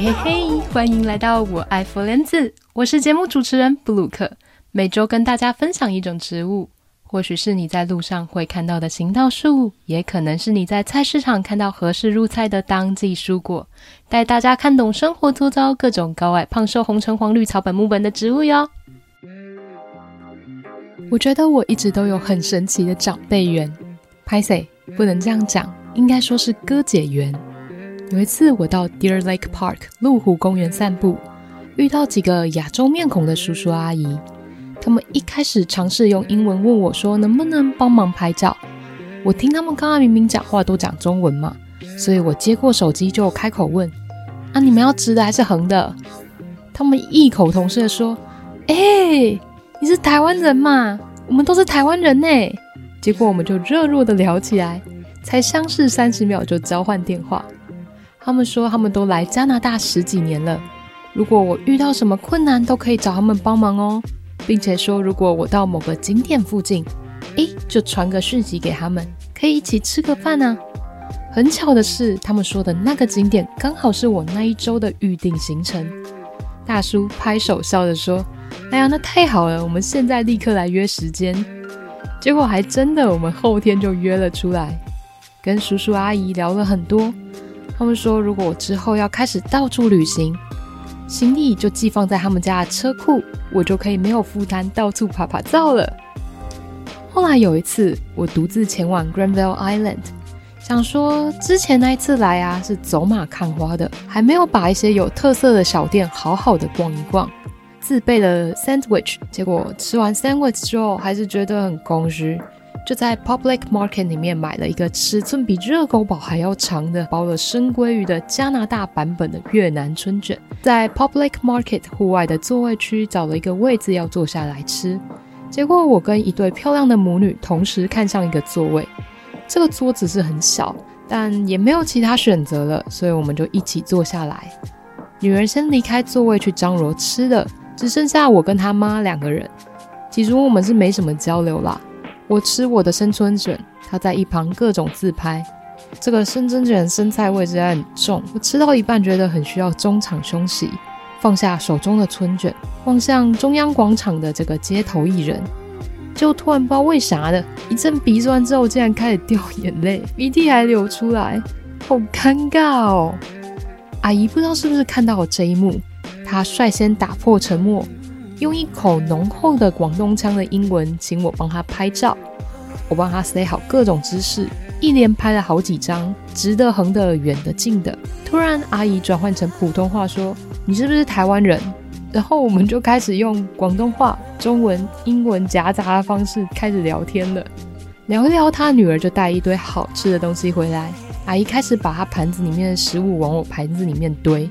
嘿嘿，歡迎來到我愛 my friends，我是節目主持人布魯克，每周跟大家分享一種植物，或許是你在路上會看到的行道樹，也可能是你在菜市場看到合適入菜的當季蔬果，帶大家看懂生活周遭各種高矮胖瘦紅橙黃綠草本木本的植物喲。我覺得我一直都有很神奇的長輩緣，拍謝不，不能這樣講，應該說是哥姐緣。有一次，我到 Deer Lake Park 鹿湖公園散步，遇到幾個亞洲面孔的叔叔阿姨。他們一開始嘗試用英文問我，說能不能幫忙拍照。我聽他們剛剛明明講話都講中文嘛，所以我接過手機就開口問：“啊，你們要直的還是橫的？”他們異口同聲的說：“哎、欸，你是台灣人嘛？我們都是台灣人哎。”結果我們就熱絡的聊起來，才相識三十秒就交換電話。他們說他們都來加拿大十幾年了，如果我遇到什麼困難都可以找他們幫忙哦，並且說如果我到某個景點附近，誒，就傳個訊息給他們，可以一起吃個飯啊。很巧的是，他們說的那個景點剛好是我那一週的預定行程。大叔拍手笑着說：“哎呀，那太好了，我們現在立刻來約時間。”結果還真的，我們後天就約了出來，跟叔叔阿姨聊了很多。他們說，如果我之後要開始到處旅行，行李就寄放在他們家的車庫，我就可以沒有負擔到處趴趴走了。後來有一次，我獨自前往 Granville Island，想說之前那一次來啊是走馬看花的，還沒有把一些有特色的小店好好的逛一逛。自備了 sandwich，結果吃完 sandwich 之後，還是覺得很空虛。就在 public market 裡面買了一個尺寸比熱狗堡還要長的包了生鮭魚的加拿大版本的越南春卷，在 public market 戶外的座位區找了一個位置要坐下來吃，結果我跟一對漂亮的母女同時看上一個座位，這個桌子是很小，但也沒有其他選擇了，所以我們就一起坐下來。女兒先離開座位去張羅吃的，只剩下我跟她媽兩個人，其實我們是沒什麼交流啦。我吃我的生春卷，他在一旁各種自拍。這個生春卷生菜味真的很重，我吃到一半覺得很需要中場休息，放下手中的春卷，望向中央廣場的這個街頭藝人，就突然不知道為啥的一陣鼻酸之後，竟然開始掉眼淚，鼻涕還流出來，好尷尬哦！阿姨不知道是不是看到了這一幕，她率先打破沉默。用一口濃厚的廣東腔的英文，請我幫他拍照，我幫他擺好各種姿勢，一連拍了好幾張，直的、橫的、遠的、近的。突然，阿姨轉換成普通話，說：“你是不是台灣人？”然後我們就開始用廣東話、中文、英文夾雜的方式開始聊天了。聊一聊，他女兒就帶一堆好吃的東西回來，阿姨開始把她盤子裡面的食物往我盤子裡面堆。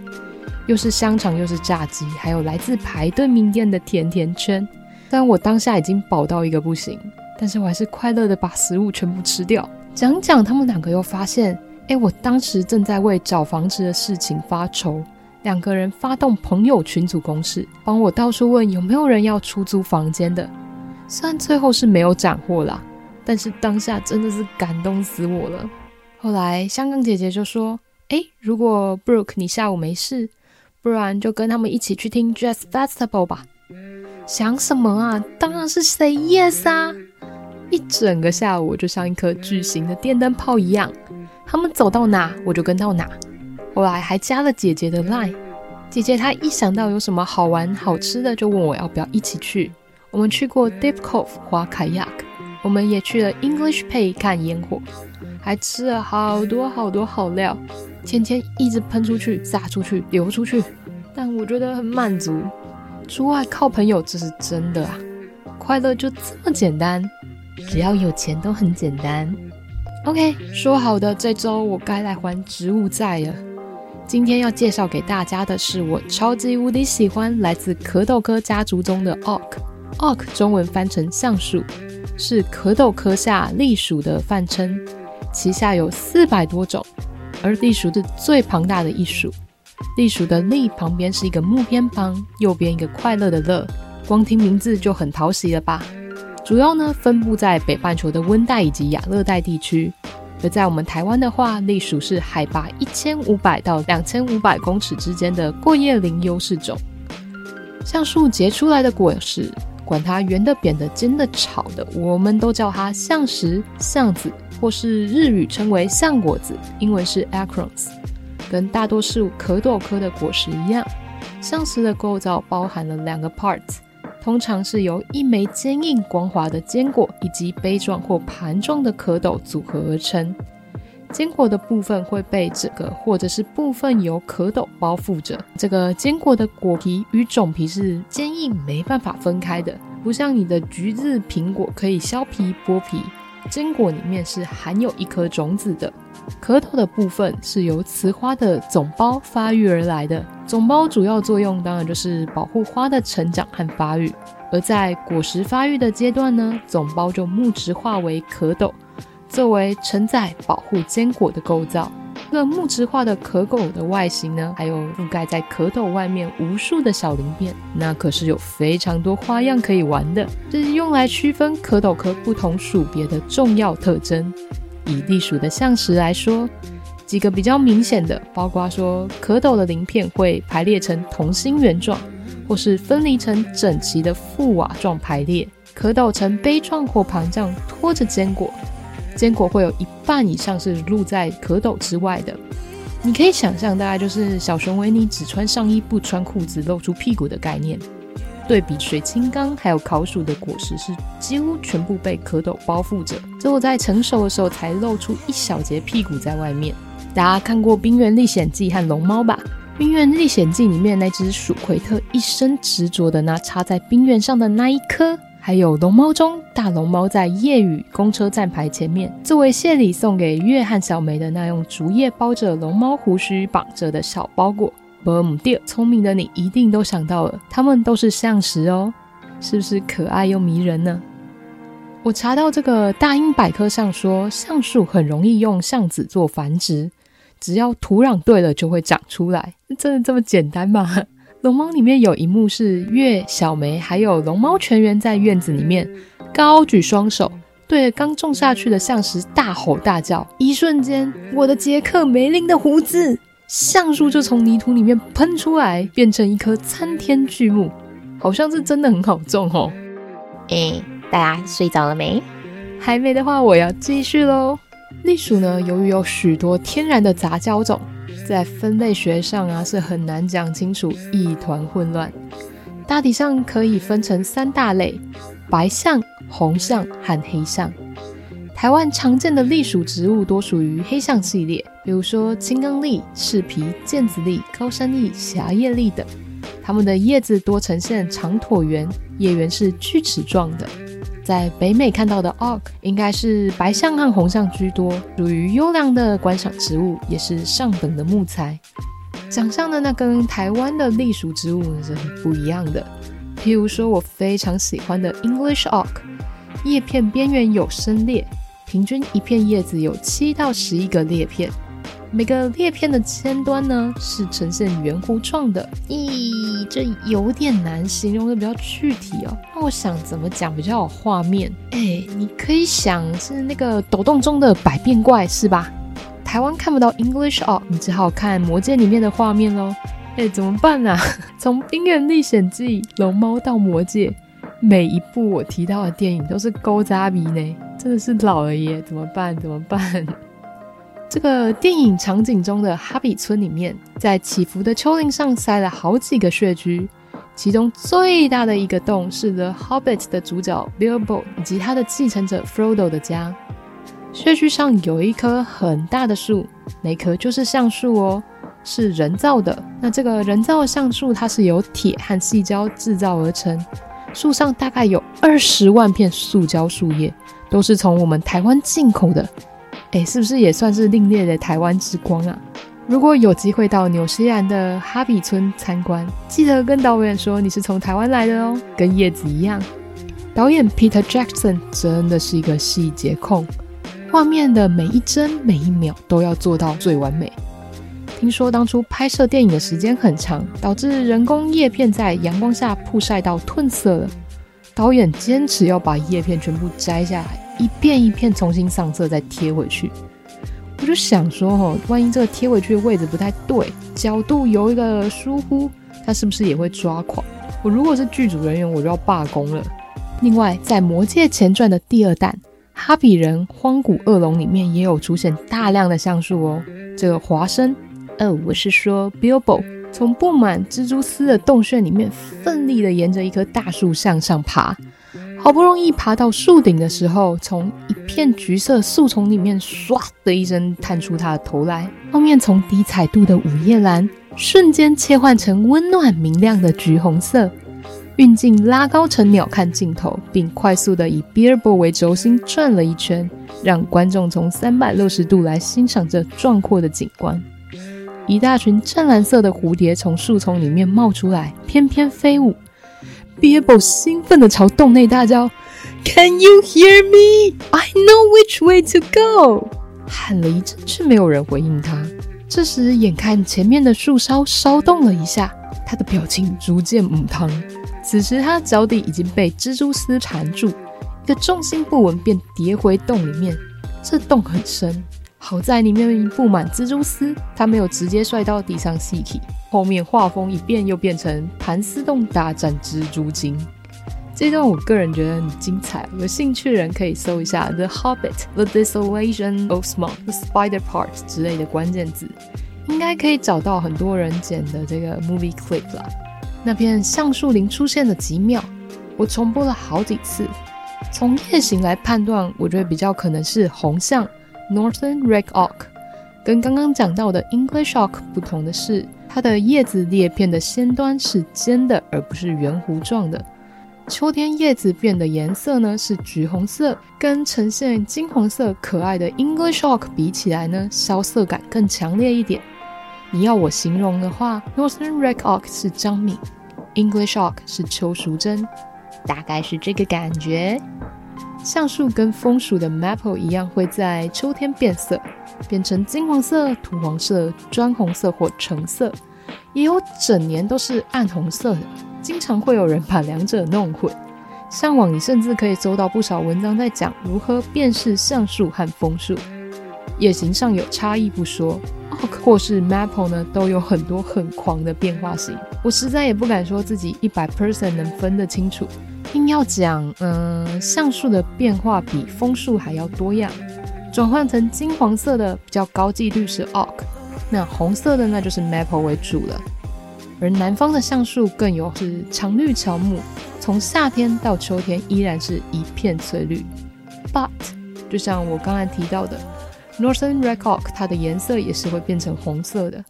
又是香腸，又是炸雞，還有來自排隊名店的甜甜圈。雖然我當下已經飽到一個不行，但是我還是快樂的把食物全部吃掉。講講他們兩個又發現，誒、欸，我當時正在為找房子的事情發愁，兩個人發動朋友群組攻勢，幫我到處問有沒有人要出租房間的。雖然最後是沒有斬獲啦，但是當下真的是感動死我了。後來香港姐姐就說，誒、欸，如果 Brooke 你下午沒事。不然就跟他們一起去聽 Jazz Festival 吧。想什麼啊？當然是 say yes 啊！一整個下午就像一顆巨型的電燈泡一樣，他們走到哪兒，我就跟到哪兒。後來還加了姐姐的 line，姐姐她一想到有什麼好玩好吃的就問我要不要一起去。我們去過 Deep Cove 滑 kayak，我們也去了 English Bay 看煙火，還吃了好多好多好料。錢錢一直噴出去、撒出去、流出去，但我覺得很滿足。出外靠朋友，這是真的啊！快樂就這麼簡單，只要有錢都很簡單。OK，說好的這周我該來還植物債了。今天要介紹給大家的是我超級無敵喜歡來自殼斗科家族中的 oak，oak 中文翻成橡樹，是殼斗科下櫟屬的泛稱，旗下有四百多種。而櫟屬是最龐大的一屬，櫟屬的櫟旁邊是一個木偏旁，右邊一個快樂的樂，光聽名字就很討喜了吧？主要呢分布在北半球的溫帶以及亞熱帶地區，而在我們台灣的話，櫟屬是海拔一千五百到兩千五百公尺之間的闊葉林優勢種。橡樹結出來的果實，管它圓的、扁的、尖的、炒的，我們都叫它橡實、橡子。或是日語稱為橡果子，英文是 acorns，跟大多數殼斗科的果實一樣，橡子的構造包含了兩個 parts，通常是由一枚堅硬光滑的堅果以及杯狀或盤狀的殼斗組合而成。堅果的部分會被整個或者是部分由殼斗包覆着。這個堅果的果皮與種皮是堅硬，沒辦法分開的，不像你的橘子、蘋果可以削皮剝皮。堅果裡面是含有一顆種子的，殼斗的部分是由雌花的總苞發育而來的。總苞主要作用當然就是保護花的成長和發育。而在果實發育的階段呢，總苞就木質化為殼斗，作為承載保護堅果的構造。那木質化的殼斗的外形呢？還有覆蓋在殼斗外面無數的小鱗片，那可是有非常多花樣可以玩的。這、就是用來區分殼斗科不同屬別的重要特徵。以櫟屬的橡實來說，幾個比較明顯的，包括說殼斗的鱗片會排列成同心圓狀，或是分離成整齊的覆瓦狀排列；殼斗呈杯狀或盤狀，托着堅果。堅果會有一半以上是露在殼斗之外的，你可以想象，大概就是小熊維尼只穿上衣不穿褲子，露出屁股的概念。對比水青岡還有栲屬的果實是幾乎全部被殼斗包覆着，最後在成熟的時候才露出一小截屁股在外面。大家看過《冰原歷險記》和《龍貓》吧，《冰原歷險記》裡面那只鼠奎特一生執着的那插在冰原上的那一顆。還有龍貓中大龍貓在夜雨公車站牌前面，作為謝禮送給月和小梅的那用竹葉包着龍貓鬍鬚綁着的小包裹。沒錯，聰明的你一定都想到了，它們都是橡實哦，是不是可愛又迷人呢？我查到這個大英百科上說，橡樹很容易用橡子做繁殖，只要土壤對了就會長出來，真的這麼簡單嗎？龍貓裡面有一幕是月、小梅還有龍貓全員在院子裡面高舉雙手對着剛種下去的橡樹大吼大叫，一瞬間，我的傑克梅林的鬍子橡樹就從泥土裡面噴出來，變成一棵參天巨木，好像是真的很好種哦。哎、嗯，大家睡着了沒？還沒的話，我要繼續嘍。櫟屬呢，由於有許多天然的雜交種，在分類學上啊是很難講清楚，一團混亂。大體上可以分成三大類：白橡、紅橡和黑橡。台灣常見的櫟屬植物多屬於黑橡系列，比如說青剛櫟、赤皮、毽子櫟、高山櫟、狹葉櫟等。它們的葉子多呈現長橢圓，葉緣是鋸齒狀的。在北美看到的 oak 應該是白橡和紅橡居多，屬於優良的觀賞植物，也是上等的木材。長相的那跟台灣的櫟屬植物是不一樣的。譬如說，我非常喜歡的 English oak，葉片邊緣有深裂，平均一片葉子有七到十一個裂片。每個裂片的尖端呢，是呈現圓弧狀的。咦、欸，這有點難形容的比較具體哦。那我想怎麼講比較有畫面？哎，你可以想是那個抖動中的百變怪是吧？台灣看不到 English 哦，你只好看魔戒裡面的畫面咯。哎，怎麼辦啊？從《冰原歷險記》、《龍貓》到《魔戒》，每一部我提到的電影都是狗渣鼻呢，真的是老了耶！怎麼辦？怎麼辦？這個電影場景中的哈比村裡面，在起伏的丘陵上塞了好幾個穴居，其中最大的一個洞是《The Hobbit》的主角 Bilbo 以及他的繼承者 Frodo 的家。穴居上有一棵很大的樹，那棵就是橡樹哦，是人造的。那這個人造的橡樹，它是由鐵和細膠製造而成，樹上大概有二十萬片塑膠樹葉，都是從我們台灣進口的。欸，是不是也算是另類的台灣之光啊？如果有機會到紐西蘭的哈比村參觀，記得跟導演說你是從台灣來的哦，跟葉子一樣。導演 Peter Jackson 真的是一個細節控，畫面的每一幀每一秒都要做到最完美。聽說當初拍攝電影的時間很長，導致人工葉片在陽光下曝曬到褪色了，導演堅持要把葉片全部摘下來，一片一片重新上色再貼回去，我就想說、哦，吼，萬一這個貼回去的位置不太對，角度有一個疏忽，他是不是也會抓狂？我如果是劇組人員，我就要罷工了。另外，在《魔戒前傳》的第二彈《哈比人：荒谷惡龍》裡面，也有出現大量的橡樹哦。這個華生，哦、呃，我是說 Bilbo，從佈滿蜘蛛絲的洞穴裡面，奮力的沿着一棵大樹向上爬。好不容易爬到樹頂的時候，從一片橘色樹叢裡面唰的一聲探出它的頭來，畫面從低彩度的午夜藍瞬間切換成溫暖明亮的橘紅色，運鏡拉高成鳥瞰鏡頭，並快速的以 billboard 為軸心轉了一圈，讓觀眾從三百六十度來欣賞這壯闊的景觀。一大群湛藍色的蝴蝶從樹叢裡面冒出來，翩翩飛舞。Bibo 興奮地朝洞內大叫：“Can you hear me? I know which way to go。”喊了一陣，卻沒有人回應他。這時，眼看前面的樹梢稍動了一下，他的表情逐漸母湯。此時，他腳底已經被蜘蛛絲纏住，一個重心不穩，便跌回洞裡面。這洞很深。好在裡面佈滿蜘蛛絲，它沒有直接摔到地上體。City 後面畫風一變，又變成盤絲洞大戰蜘蛛精，這段我個人覺得很精彩。有興趣的人可以搜一下《The Hobbit: The Desolation of Smaug The Spider Part 之類的關鍵詞，應該可以找到很多人剪的這個 movie clip 啦。那片橡樹林出現了幾秒，我重播了好幾次。從葉形來判斷，我覺得比較可能是紅橡。Northern red oak，跟剛剛講到的 English oak 不同的是，它的葉子裂片的先端是尖的，而不是圓弧狀的。秋天葉子變的顏色呢是橘紅色，跟呈現金黃色可愛的 English oak 比起來呢，蕭瑟感更強烈一點。你要我形容的話，Northern red oak 是張敏，English oak 是邱淑貞，大概是這個感覺。橡樹跟楓樹的 maple 一樣，會在秋天變色，變成金黃色、土黃色、磚紅色或橙色，也有整年都是暗紅色的。經常會有人把兩者弄混。上網你甚至可以搜到不少文章在講如何辨識橡樹和楓樹。葉形上有差異不說，oak 或是 maple 呢，都有很多很狂的變化型。我實在也不敢說自己一百 percent 能分得清楚。硬要講，嗯、呃，橡樹的變化比楓樹還要多樣。轉換成金黃色的比較高幾率是 oak，那紅色的那就是 maple 為主了。而南方的橡樹更有是常綠喬木，從夏天到秋天依然是一片翠綠。But 就像我剛才提到的，Northern red oak 它的顏色也是會變成紅色的。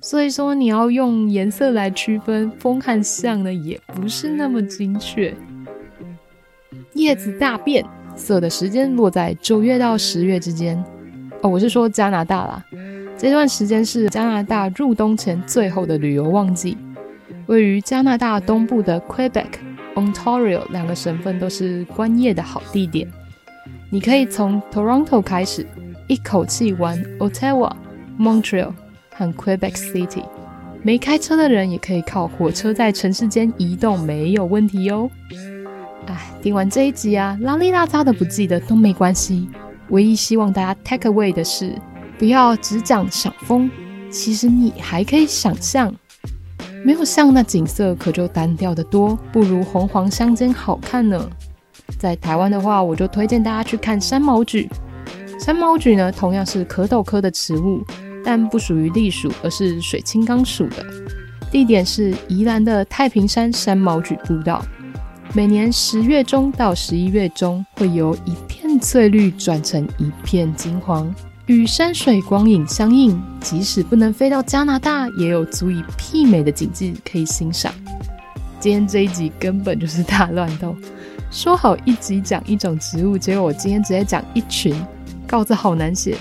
所以說你要用顏色來區分楓和橡呢，也不是那麼精確。葉子大變色的時間落在九月到十月之間，哦，我是說加拿大啦。這段時間是加拿大入冬前最後的旅遊旺季。位於加拿大東部的 Quebec、Ontario 兩個省份都是觀葉的好地點。你可以從 Toronto 開始，一口氣玩 Ottawa、Montreal 和 Quebec City。沒開車的人也可以靠火車在城市間移動，沒有問題喲、哦。哎，聽完這一集啊，拉里拉雜的不記得都沒關係。唯一希望大家 take away 的是，不要只講賞楓，其實你還可以賞橡，沒有橡那景色可就單調得多，不如紅黃相間好看呢。在台灣的話，我就推薦大家去看山毛櫸。山毛櫸呢，同樣是殼斗科的植物，但不屬於櫟屬，而是水青岡屬的。地點是宜蘭的太平山山毛櫸步道。每年十月中到十一月中，會由一片翠綠轉成一片金黃，與山水光影相映，即使不能飛到加拿大，也有足以媲美的景致可以欣賞。今天這一集根本就是大亂鬥，說好一集講一種植物，結果我今天直接講一群，稿子好難寫，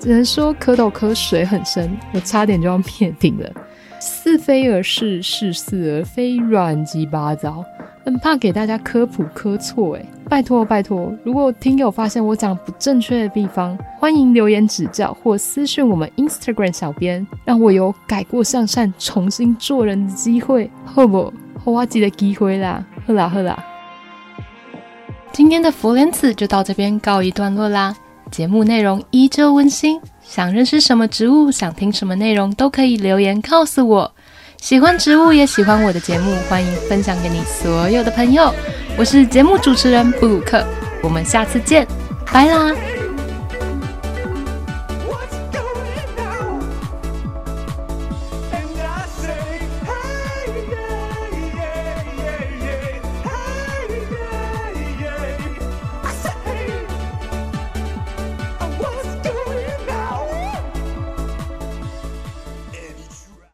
只能說殼斗科水很深，我差點就要滅頂了。似非而是，似是而非，亂七八糟。很怕給大家科普科錯哎，拜託拜託！如果聽友發現我講不正確的地方，歡迎留言指教或私訊我們 Instagram 小編，讓我有改過向善、重新做人的機會，好不好？好花機的機會啦，好啦好啦。今天的佛蓮子就到這邊告一段落啦，節目內容依舊溫馨。想認識什麼植物，想聽什麼內容，都可以留言告訴我。喜歡植物也喜歡我的節目，歡迎分享給你所有的朋友。我是節目主持人布魯克，我們下次見，拜啦！